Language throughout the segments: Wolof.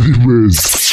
Heavy Mess.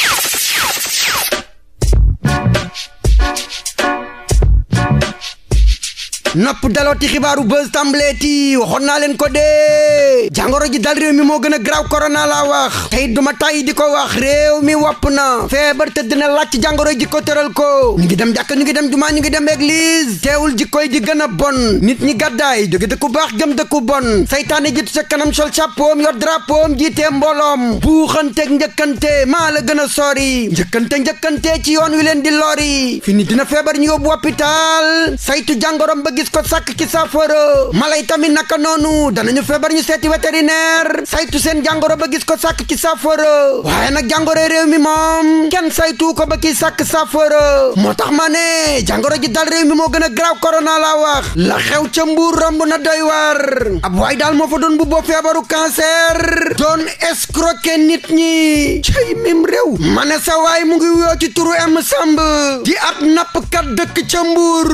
nopp dalooti xibaaru buzz tàmbaleeti waxoon naa leen ko dee jàngoro ji dal réew mi moo gën a graw korona laa wax tey duma tàyyi di ko wax réew mi wopp na feebar te dina laaj jàngoro ji ko tëral ko ñu ngi dem jàkk ñu ngi dem jumaa ñu ngi dem église teewul ji koy di gën a bon nit ñi gàddaay jóge dëkku baax jëm dëkku bon saytaane ji sa kanam sol chapeau yor drapeau jiitee mbooloom buuxanteeg njëkkante maa la gën a sori njëkkante njëkkante ci yoon wi leen di lori fi dina feebar ñu yóbbu hôpital saytu jàngoroom bëgg gis ko sàkk ci saafara mala yi tamit naka noonu ñu feebar ñu seeti vétérinaire saytu seen jàngoro ba gis ko sàkk ci saafara waaye nag jàngoro réew mi moom kenn saytu ko ba sa sàkk saafara moo tax ma ne jàngoro ji dal réew mi moo gën a graaw corona laa wax la xew ca mbuur romb na doy war ab waay daal moo fa doon bu boo feebaru cancer doon escroquer nit ñi cay mim réew ma ne sa waay mu ngi wuyoo ci turu M Samb di na nappkat dëkk ca mbuur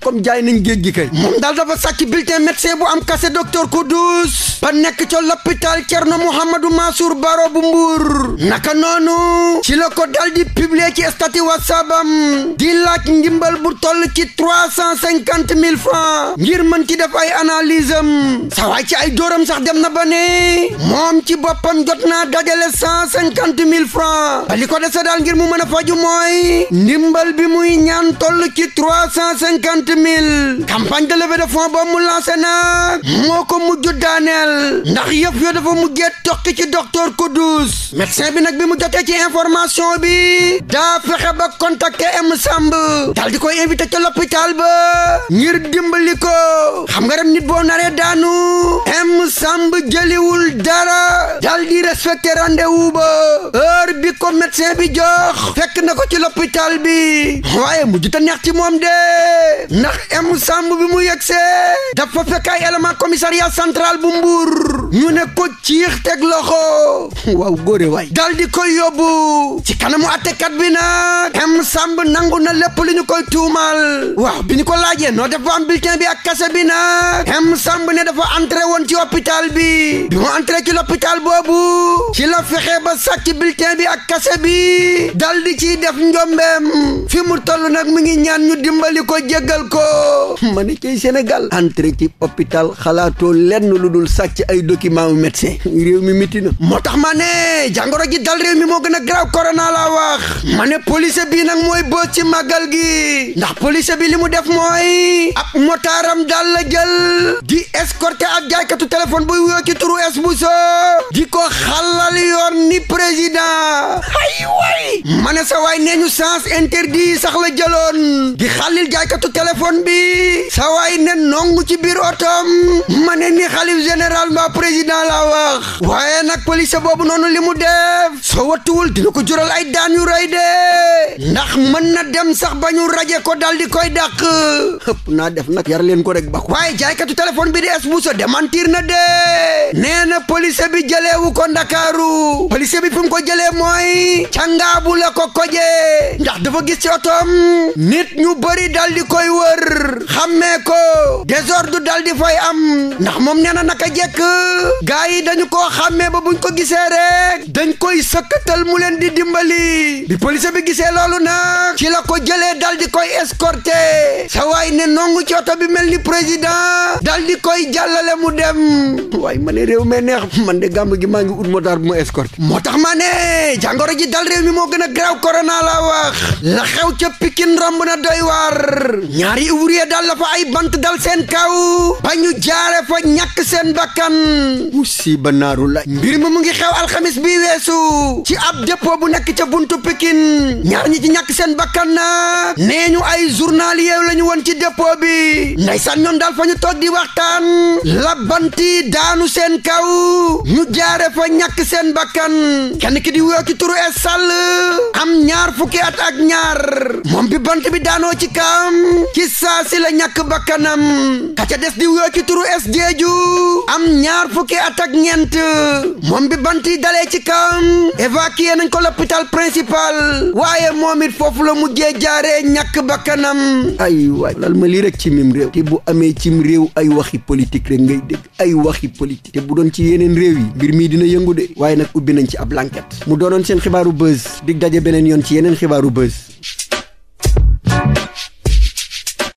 comme jaay géej gi kay moom daal dafa sàcc bulletin médecin bu am kase docteur Koudous ba nekk ca l'hôpital no Mouhamadou Mansour Baro bu Mbour naka noonu ci la ko dal di publier ci statut whatsapp am di laaj ndimbal bu toll ci trois cent cinquante mille francs ngir mën ci def ay analyse am sa waay ci ay dóoram sax dem na ba ne moom ci boppam jot naa dajale cent cinquante mille francs ba li ko dese daal ngir mu mën a faju mooy ndimbal bi muy ñaan toll ci trois cent cinquante mille campagne de levée de mu lancé na moo ko mujj daaneel ndax yëf yo dafa mujjee tokki ci Kudus médecin bi nag bi mu jotee ci information bi daa fexe ba contacter M Samb dal di koy invité ca l'hôpital ba ngir dimbali ko xam nga rek nit boo naree daanu M Samb jëliwul dara dal di respecté rendez ba heure bi ko médecin bi jox fekk na ko ci l'hôpital bi waaye mujj ta neex ci moom de ndax M Samb bi mu yegsee dafa fekk ay élément commissariat central bu Mbour ñu ne ci ciix teg loxo waaw góore waay dal di koy yóbbu ci kanamu attekat bi nag M Samb nangu na lépp lu ñu koy tuumal waaw bi ñu ko laajee noo dafa am bulletin bi ak kase bi nag M Samb ne dafa entré woon ci hôpital bi bi mu entré ci l'hôpital boobu ci la fexe ba sàcc bulletin bi ak kase bi dal di ciy def njombeem fi mu toll nag mu ngi ñaan ñu dimbali ko jéggal ko ma ne ci Sénégal entré xalaatoo lenn lu dul sàcc ay document yu médecin mi métti moo tax ma ne jàngoro ji dal réew mi moo gën a grave wax ma ne police bi nag mooy bës ci màggal gi ndax police bi li mu def mooy ab motaaram daal la jël di escorter ab jaaykatu téléphone buy wuyoo ci turu es di ko xalal yoon ni président ay way ma sa waay nee ñu sens sax jëloon di xalil jaaykatu téléphone bi sawaay ne nongu ci biir otom ma ne ni xalif général mbaa président laa wax waaye nag police boobu noonu li mu def soo wattuwul dina ko jural ay daan yu rey de ndax mën na dem sax ba ñu raje ko dal di koy dàq ëpp naa def nag yar leen ko rek bak waaye jaaykatu téléphone bi di es bu so démentir na de nee na police bi jëleewu ko ndakaaru police bi fi mu ko jëlee mooy bu la ko koje ndax dafa gis ci otom nit ñu bëri dal di koy wër xammee ko désordre dal di fay am ndax moom nee na naka jekk gaa yi dañu koo xàmmee ba buñ ko gisee rek dañ koy sëkkatal mu leen di dimbali bi police bi gisee loolu nag ci la ko jëlee dal di koy escorter sa waay ne nongu ci oto bi mel ni président dal di koy jàllale mu dem waaye ma ne réew mee neex man de gàmb gi maa ngi ut motard bu ma escorter moo tax ma ne jàngoro ji dal réew mi moo gën a graw corona laa wax la xew ca Pikine romb na doy waar ñaari ouvrier dal la fa ay bant dal seen kaw ba ñu jaare fa ñàkk seen bakkan musiba naaru la mbir mi mu ngi xew alxamis bi weesu ci ab dépôt bu nekk ca buntu Pikin ñaar ñi ci ñàkk seen bakkan nag nee ñu ay journalier la lañu woon ci dépôt bi ndeysaan ñoom daal fa ñu toog di waxtaan la banti daanu seen kaw ñu jaare fa ñàkk seen bakkan kenn ki di wéew ci turu es am ñaar fukki at ak ñaar moom bi bant bi daanoo ci kaam si la ñàkk bakkanam ka ca des di wuyoo ci turu es jeeju am ñaar fukki at ak ñeent moom bi bant yi dalee ci kawam évacué nañ ko l'hôpital principal waaye moom it foofu la mujjee jaaree ñàkk bakkanam ay waay lal ma lii rek ci mim réew te bu amee cim réew ay waxi politique rek ngay dégg ay waxi politique te bu doon ci yeneen réew yi mbir mii dina yëngu de waaye nag ubbi nañ ci ab lanket mu doonoon seen xibaaru buzz dig daje beneen yoon ci yeneen xibaaru buzz